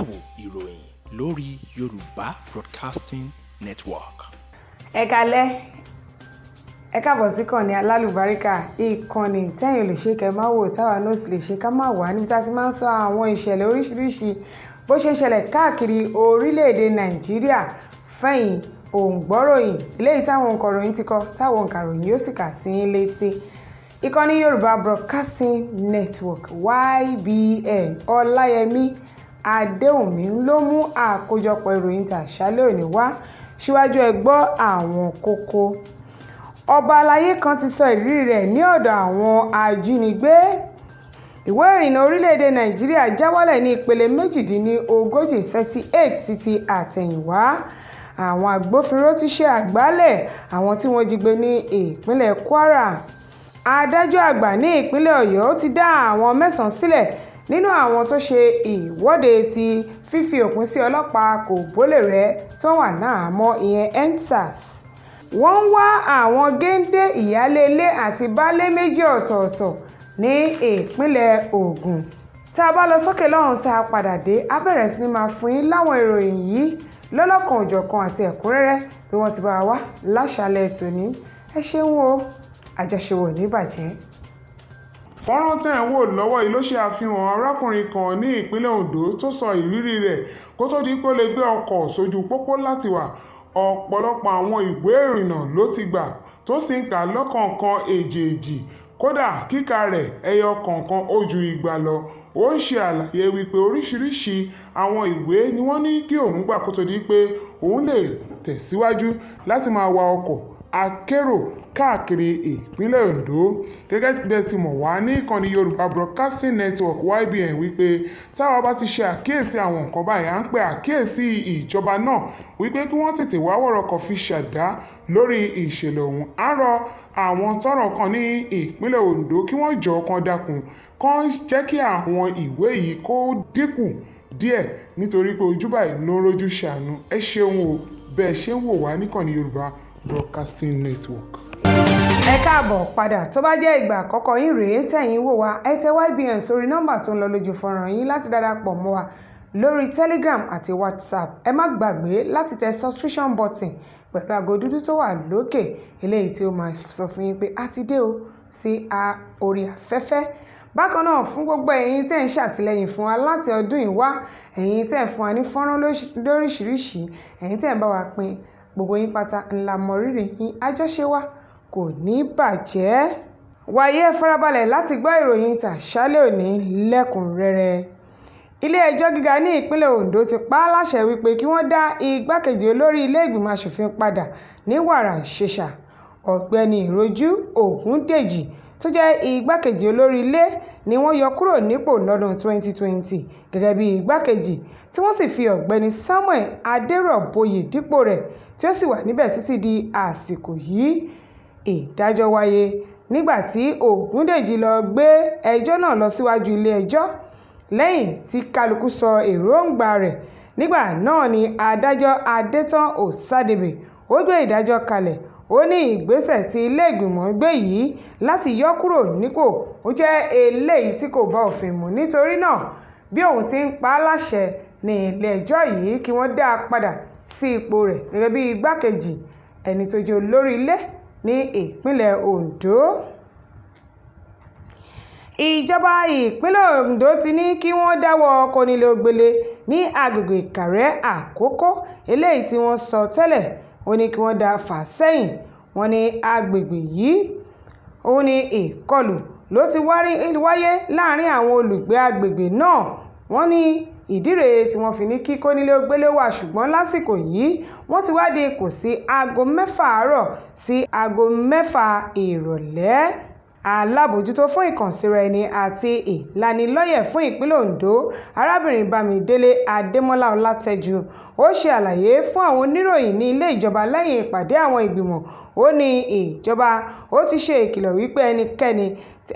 àgbéyẹ̀wò ìròyìn lórí Yorùbá Broadcasting Network. ẹ kalẹ́ ẹ káàbọ̀ sí kànní alálùbáríkà ìkànnì tẹ́yìn lè ṣe kẹ́ máa wò táwa náà sì lè ṣe ká máa wà níbi tá a ti máa ń sọ àwọn ìṣẹ̀lẹ̀ oríṣiríṣi bó ṣe ṣẹlẹ̀ káàkiri orílẹ̀-èdè Nàìjíríà fẹ̀yìn òǹgbọ́ròyìn eléyìí táwọn òǹkọ̀ròyìn ti kọ táwọn òǹkàròyìn yóò sì kà sí í létí ìkànnì Yorùbá Broadcasting Network YBN Ọláyẹmí adéhùnmí ló mú àkójọpọ̀ ìròyìn tàṣálẹ́ òní wá síwájú ẹ gbọ́ àwọn kókó ọba àlàyé kan ti sọ ìrírí rẹ̀ ní ọ̀dọ̀ àwọn ajínigbé ìwé ìrìnnà orílẹ̀-èdè nàìjíríà já wálẹ̀ ní ìpele méjìdínlógójì thirty eight títí àtẹ̀yìnwá àwọn agbófinró ti ṣe àgbálẹ̀ àwọn tí wọ́n jí gbé ní ìpínlẹ̀ kwara adájọ́ àgbà ní ìpínlẹ̀ ọ̀yọ́ ti dá àwọn mẹ́sàn-án sílẹ̀ nínú àwọn tó ṣe ìwọ́de ti fífi òpin sí ọlọ́pàá kògbólérè tí wọ́n wà láhàámọ̀ ìyẹn endsars wọ́n ń wá àwọn géńdé ìyáálé ilé àti baálé méjì ọ̀tọ̀ọ̀tọ̀ ní ìpínlẹ̀ Ògùn tá a bá lọ sókè lọ́run tá a padà dé á bẹ̀rẹ̀ sí ni máa fún yín láwọn ìròyìn yìí lọ́lọ́kan òjọ̀kan àti ẹ̀kúnrẹ́rẹ́ bí wọ́n ti bá wa wá láṣálẹ́ tòní ẹ ṣeun o àjọṣe wò ní bàjẹ́ Fọ́nrán tẹ̀ ń wò lọ́wọ́ yìí ló ṣe àfihàn arákùnrin kan ní ìpínlẹ̀ Ondo tó sọ ìrírí rẹ̀ kó tó di pé ó lè gbé ọkọ̀ sójú pópó láti wà. Ọ̀pọ̀lọpọ̀ àwọn ìwé ìrìnnà ló ti gbà tó sì ń kà lọ́kọ̀ọ̀kan èjèèjì, kódà kíkà rẹ̀ ẹyọ kọ̀ọ̀kan ó ju igba lọ. Ó ṣe àlàyé wípé oríṣiríṣi àwọn ìwé ni wọ́n ní kí òun gbà kó tó di pé òun lè tẹ̀síwájú láti máa wa ọkọ̀ akérò káàkiri ìpínlẹ̀ Ondo gẹ́gẹ́ bẹ́ẹ̀ ti mọ̀ wá ní ìkànnì Yorùbá Broadcasting Network YBN wípé táwa bá ti ṣe àkíyèsí àwọn nǹkan báyìí à ń pe àkíyèsí ìjọba náà wípé kí wọ́n tètè wá wọ̀rọ̀kọ̀ fi ṣàdá lórí ìṣẹ̀lẹ̀ ọ̀hún á rọ àwọn tọ́rọ̀ kàn ní ìpínlẹ̀ Ondo kí wọ́n jọ̀ọ́ kan dákun kàn jẹ́ kí àwọn ìwé yìí kó dínkù díẹ̀ nítorí pé ojú báyìí rojú ṣàánú ẹ ṣeun o bẹ́ẹ̀ ṣe ń wò wá níkànnì Yorùbá Broadcasting Network. ẹ káàbọ̀ padà tó bá jẹ́ ìgbà àkọ́kọ́ yín rèé tẹ̀yìn wò wá ẹ tẹ YBN sórí nọ́mbà tó ń lọ lójú fọ́nrán yín láti darapọ̀ mọ́ wa lórí Telegram àti WhatsApp ẹ má gbàgbé láti tẹ subscription button pẹ̀lú aago dúdú tó wà lókè eléyìí tí ó máa sọ fún yín pé a ti dé o sí orí afẹ́fẹ́ bákan náà fún gbogbo ẹ̀yin tẹ́ ń ṣàtìlẹ́yìn fún wa láti ọdún yìí wá ẹ̀yin tẹ́ ń fún wa ní fọ́nrán lóríṣiríṣi ẹ̀yin tẹ́ ń bá wa pín gbogbo yín pátá ńlá mọ rírì yín àjọṣe wa kò ní bàjẹ́ wàyé farabalẹ̀ láti gbọ́ ìròyìn tàṣálẹ̀ òní lẹ́kùnrẹ́rẹ́ ilé-ẹjọ́ gíga ní ìpínlẹ̀ Ondo ti pa á láṣẹ wípé kí wọ́n dá igbákejì olórí ilé-ìgbìmọ̀ asòfin padà ní wàrà ṣèṣà ọ̀gbẹ́ni ìrojú ògúndèjì tó jẹ́ igbákejì olórí ilé ni wọ́n yọ kúrò nípò lọ́dún 2020 gẹ́gẹ́ bí igbákejì tí wọ́n sì fi ọ̀gbẹ́ni Samuel adéròbóyè dípò rẹ̀ tí ó sì wà níbẹ̀ títí di àsìkò yìí ìdájọ́ wáyé nígbà tí ògúndéjì lọ gbé ẹjọ́ náà lọ síwájú ilé-ẹjọ́ lẹ́yìn tí kálukú sọ èròǹgbà rẹ̀ nígbà náà ni adájọ́ adétàn ọ̀sádébé ó gbé ìdájọ́ kalẹ̀ ó ní ìgbésẹ̀ tí ilé ìgbìmọ̀ gbé yìí láti yọ kúrò nípò ó jẹ́ eléyìí tí kò bá òfin mu nítorí náà bí òun ti ń pa á láṣẹ ní ilé-ẹjọ́ yìí kí wọ́n dá a padà sí ipò rẹ̀ gẹ́gẹ́ bí igbákejì ẹni tó jẹ́ olórí ilé ní ìpínlẹ̀ Ondo ìjọba ìpínlẹ̀ Ondo ti ní kí wọ́n dáwọ́ kónílógbélé ní agbègbè Ìkàrẹ́ Àkókó eléyìí tí wọ́n sọ tẹ́lẹ̀ ó ní kí wọ́n dá a fà sẹ́yìn wọn ní agbègbè yìí ó ní ìkọlù ló ti wáyé láàrin àwọn olùgbé agbègbè náà wọ́n ní ìdí rèé tí wọ́n fi ní kí kónílé-ó-gbélé wà ṣùgbọ́n lásìkò yìí wọ́n ti wá dín kù sí aago mẹ́fà àárọ̀ sí aago mẹ́fà ìrọ̀lẹ́ alábòójútó fún ìkànsíra-ẹni àti ìlanilọ́yẹ̀ fún ìpínlẹ̀ Ondo arábìnrin Bámidélé Adémọ́lá Ọlátẹ́jú ó ṣe àlàyé fún àwọn oníròyìn ní ilé ìjọba lẹ́yìn ìpàdé àwọn ìgbìmọ̀ ó ní ìjọba ó ti ṣe ìkìlọ̀ wípé ẹnikẹ́ni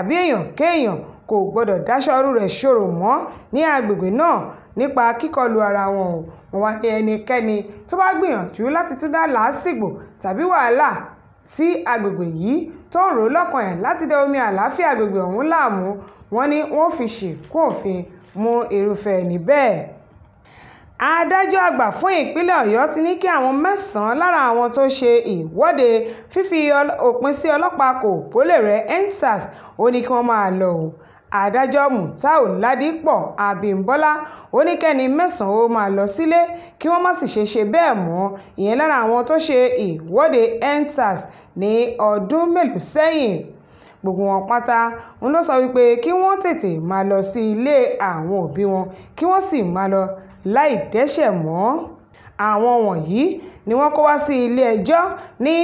àbí èèyàn kéèyàn kò gbọdọ̀ dáṣọ irú rẹ̀ ṣòro mọ́ ní àgbègbè náà nípa kíkọlu ara wọn o wọ́n wá ní ẹnikẹ́ni tó bá gbìyànjú láti tún dá làásìgbò tàbí wàhálà tí àgbègbè yìí tó ń rò lọ́kàn ẹ̀ láti da omi àlàáfíà àgbègbè ọ̀hún láàmú wọn ni wọ́n fi ṣìnkún òfin mú irúfẹ́ ẹni bẹ́ẹ̀ adájọ́ àgbà fún ìpínlẹ̀ ọ̀yọ́ ti ní kí àwọn mẹ́sàn-án lára àwọn tó ṣe ìwọ́de fífi òpin sí ọlọ́pàá kò pólè rẹ̀ EndSARS ó ní kí wọ́n máa lọ o adájọ́ mutau ladipo abimọlá ò ní kẹ́ni mẹ́sàn-án ó máa lọ sílé kí wọ́n má sì ṣe ṣe bẹ́ẹ̀ mọ́ ìyẹn lára àwọn tó ṣe ìwọ́de endsars ní ọdún mélòó sẹ́yìn gbogbo wọn pátá ń lọ sọ wípé kí wọ́n tètè máa lọ sí ilé àwọn òbí wọn kí wọ́n sì máa lọ láì dẹ́ṣẹ̀ mọ́ àwọn wọ̀nyí ni wọ́n kó wá sí ilé ẹjọ́ ní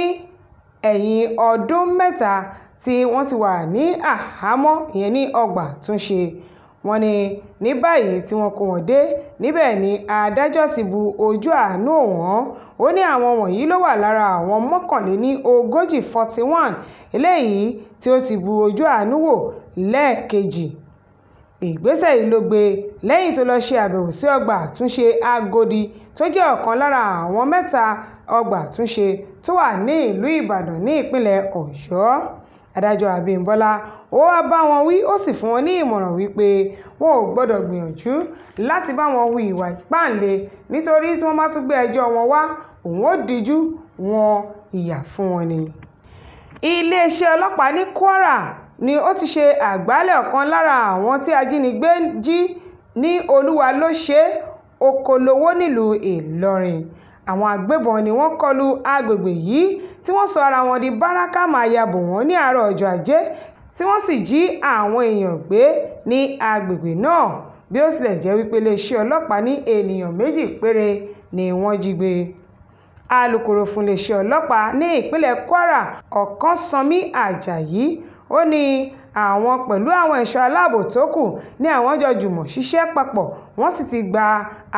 ẹ̀yìn ọdún mẹ́ta tí wọ́n ti wà ní àhámọ́ ìyẹn ní ọgbà túnṣe wọ́n ní ní báyìí tí wọ́n kó wọn dé níbẹ̀ ni adájọ́ ti bu ojú àánú wọ́n ó ní àwọn wọ̀nyí ló wà lára àwọn mọ́kànléní ogójì forty one eléyìí tí ó ti bu ojú àánú wò lẹ́ẹ̀kejì ìgbésẹ̀ yìí ló gbé e lẹ́yìn tó lọ́ọ́ ṣe àbẹ̀wò sí ọgbà àtúnṣe Agodi tó jẹ́ ọ̀kan lára àwọn mẹ́ta ọgbà àtúnṣe tó wà ní ìlú Ìbàdàn ní ìpínlẹ̀ Ọ̀yọ́ adájọ́ abímbọ́lá ó wá bá wọn wí ó sì fún wọn ní ìmọ̀ràn wípé wọn ò gbọ́dọ̀ gbìyànjú láti bá wọn hu ìwà ìpáǹle nítorí tí wọ́n bá tún gbé ẹjọ́ wọn wá òun ó díjú wọn ìyà fún wọn ni. iléeṣẹ́ ọlọ́pàá ní kwara ni ó ti ṣe àgbálẹ̀ ọ̀kan lára àwọn tí ajínigbé jí ní olúwa ló ṣe okòlówó nílùú ìlọrin àwọn agbébọn ni wọ́n kọlu àgbègbè yìí tí wọ́n sọ ara wọn di baraka máyàbò wọn ní àárọ̀ ọjọ́ ajé tí wọ́n sì jí àwọn èèyàn gbé ní àgbègbè náà bí ó tilẹ̀ jẹ́ wípé iléeṣẹ́ ọlọ́pàá ní ènìyàn méjì péré ni wọ́n jí gbé alūkkóró fún iléeṣẹ́ ọlọ́pàá ní ìpínlẹ̀ kwara ọ̀kánsánmi ajayi ó ní àwọn pẹ̀lú àwọn ẹ̀ṣọ́ aláàbò tó kù ní àwọn jọ jùmọ̀ ṣiṣẹ́ papọ̀ wọ́n sì ti gba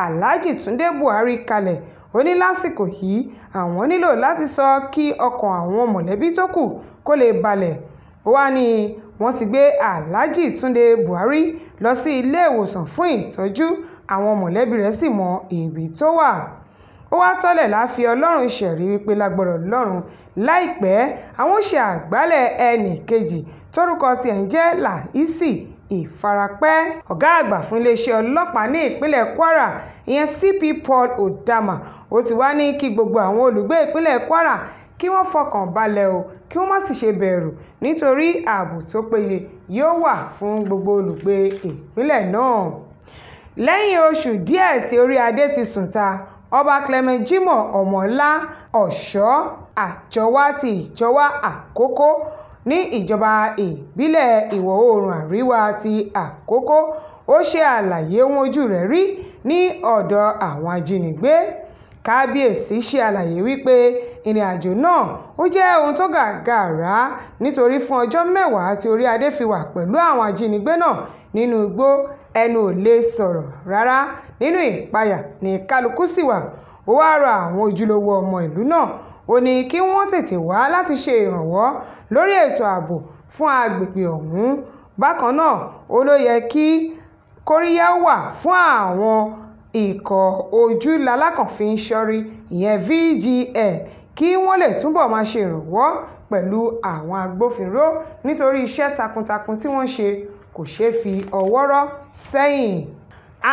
alhaji túnde buhari kalẹ̀ ó ní lásìkò yìí àwọn nílò láti sọ kí ọkàn àwọn mọ̀lẹ́bí tó kù kó lè balẹ̀ ó wàá ní wọ́n ti gbé aláàjì túnde buhari lọ sí iléèwòsàn fún ìtọ́jú àwọn mọ̀lẹ́bí rẹ̀ sì mọ ibi tó wà ó wàá tọ́lẹ̀ láfi ọlọ́run ṣẹ̀rí wípé lágbára ọlọ́run láìpẹ́ àwọn ó ṣe àgbálẹ̀ ẹnì kejì tórúkọ tiẹ̀ ń jẹ́ láìsí ìfarapẹ́ ọ̀gá àgbà fún iléeṣẹ́ ọlọ́pàá ní ìpínlẹ̀ kwara ìyẹn cp paul odama ó ti wá ní kí gbogbo àwọn olùgbé ìpínlẹ̀ kwara kí wọ́n fọkàn balẹ̀ o kí wọ́n má sì ṣe bẹ̀rù nítorí ààbò tó péye yóò wà fún gbogbo olùgbé ìpínlẹ̀ náà lẹ́yìn oṣù díẹ̀ tí orí adé ti sùn ta ọba clement jimoh ọmọọlá ọ̀ṣọ́ àjọwá ti ìjọwá àkókò ní ìjọba ìbílẹ̀ ìwọ̀ oòrùn àríwá ti àkókò ó ṣe àlàyé ohun ojú rẹ̀ rí ní ọ̀dọ̀ àwọn ajínigbé kábíyèsí ṣe àlàyé wípé ìrìnàjò náà ó jẹ́ ohun tó gàgàrá nítorí fún ọjọ́ mẹ́wàá tí orí adé fi wà pẹ̀lú àwọn ajínigbé náà nínú igbó ẹnu ò lè sọ̀rọ̀ rárá nínú ìpayà ni kálukú sì wà ó wáá rọ àwọn ojúlówó ọmọ ìlú náà ó ní kí wọ́n tètè wá láti ṣe ìrànwọ́ lórí ètò ààbò fún àgbègbè ọ̀hún bákan náà ó ló yẹ kí kóríyá wà fún àwọn ikọ̀ ojú lalákànfin ṣọ́rí ìyẹn VGN kí wọ́n lè túbọ̀ máa ṣe ìrànwọ́ pẹ̀lú àwọn agbófinró nítorí iṣẹ́ takuntakun tí wọ́n ṣe kò ṣeé fi ọwọ́ rọ́ sẹ́yìn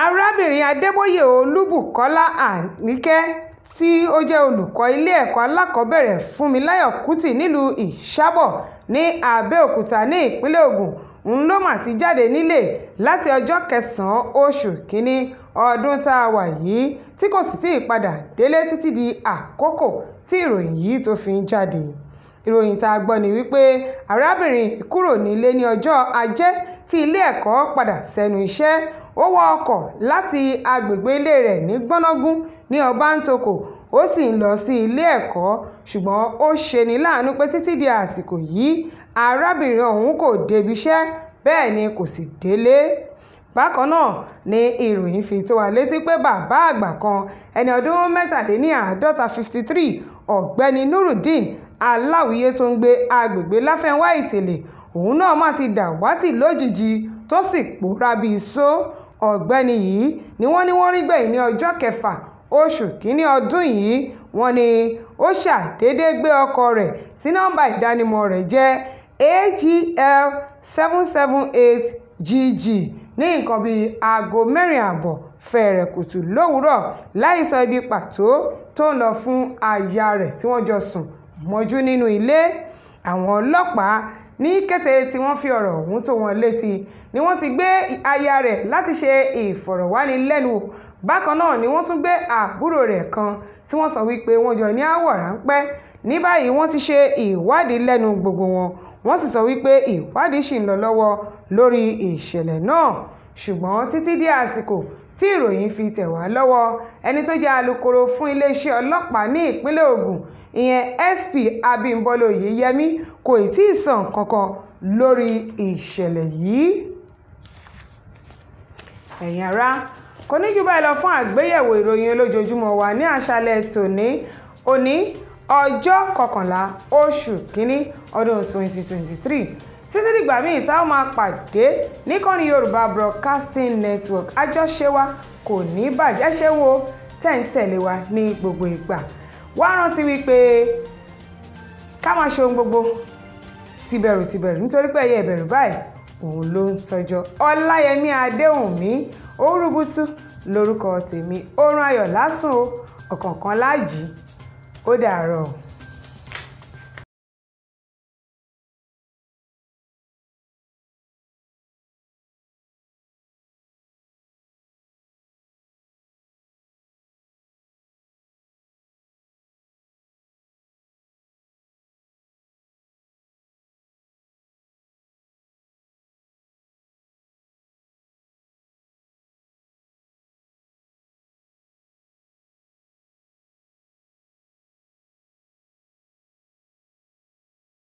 arábìnrin adébóyè olúbùkọ́lá àníkẹ́ tí ó jẹ́ olùkọ́ ilé-ẹ̀kọ́ alákọ̀ọ́bẹ̀rẹ̀ Fúnmiláyọ̀ Kútì nílùú Ìsàbọ̀ ní Abẹ́òkúta ní ìpínlẹ̀ Ògùn ń ló mà ti jáde nílé láti ọjọ́ 9 oṣù kìíní ọdún tá a wà yìí tí kò sì tìí padà délé títí di àkókò tí ìròyìn yìí tó fi ń jáde. Ìròyìn tá a gbọ́ ni wípé arábìnrin yìí kúrò nílé ní ọjọ́ Ajé tí ilé-ẹ̀kọ́ padà sẹ́nu iṣẹ́. Ó wọ ọkọ̀ láti agbègbè ilé rẹ̀ ní Gbọ́nàgún ní ọbántòkò ó sì ń lọ sí ilé-ẹ̀kọ́ ṣùgbọ́n ó ṣeni láàánú pé títí di àsìkò yìí arábìnrin ọ̀hún kò débiṣẹ́ bẹ́ẹ̀ ni kò sì délé bákan náà ni ìròyìn fi tó wa létí pé bàbá àgbà kan ẹni ọdún mẹ́tàléníàádọ́ta fifty three ọ̀gbẹ́ni nurudeen aláwìyé tó ń gbé agbègbè láfẹ́nwá ìtẹ̀lẹ̀ òun náà má ti dàwátì lójijì tó sì pòórá bíi só ọ̀gbẹ́ni yìí ni wọ́n ní wọ́n rí gbẹ̀yìn ní ọjọ́ kẹfà oṣù kínní ọdún yìí wọ́n ní ó ṣàdédé gbé ọkọ̀ rẹ̀ tí nọ́ńbà ìdánimọ̀ rẹ̀ jẹ́ agl seven seven eight gg ní nǹkan bíi aago mẹ́rin ààbọ̀ fẹ̀rẹ̀ kùtù lówùúrọ̀ láìsọ ibi pàtó tó ń lọ fún aya rẹ̀ tí wọ́n jọ sùn mọ́jú nínú ilé àwọn ọlọ́pàá ní kété tí wọ́n fi ọ̀rọ̀ ọ̀hún tó wọn létí ni wọ́n ti gbé aya rẹ̀ láti ṣe ìfọ̀rọ̀wánilẹ́nuwò bákan náà ni wọ́n tún gbé àbúrò rẹ̀ kan tí wọ́n sọ wípé wọ́n jọ ní aáwọ̀ ráńpẹ́ ní báyìí wọ́n ti ṣe ìwádìí lẹ́nu gbogbo wọn wọ́n sì sọ wípé ìwádìí ṣì ń lọ lọ́wọ́ lórí ìṣẹ̀lẹ̀ náà ṣùgbọ́n títí di àsìkò tí ìròyìn fi tẹ̀ wá lọ́wọ́ ẹni tó jẹ́ alukoro fún iléeṣẹ́ ọlọ́pàá ní ìpínlẹ̀ Ògùn ìyẹn SP Abimbolo Oyeyemi kò ì tí ì sàn kankan lórí ìṣẹ̀lẹ̀ yìí ẹ̀yin ará kò ní jù báyìí lọ fún àgbéyẹ̀wò ìròyìn olójoojúmọ́ wa ní àṣálẹ́ tòní òní ọjọ́ kọkànlá oṣù kínní ọdún 2023 títí dìgbà míì tá a máa pàdé níkànnì Yorùbá Broadcasting Network àjọṣe wa kò ní bàjẹ́ ṣe wo tẹ̀ǹtẹ̀lé wa ní gbogbo ìgbà wá rántí wípé ká máa ṣe ohun gbogbo tìbẹ̀rù tìbẹ̀rù nítorí pé ẹyẹ ìbẹ̀rù báyìí òun ló ń tọ́jọ́ Ọláyẹmí Adéhùnmí Orúbùtù lorúkọ tèmi rán Ayọ̀ lásùn o ọ̀kọ̀ọ̀kan láàjì ó dàárọ̀.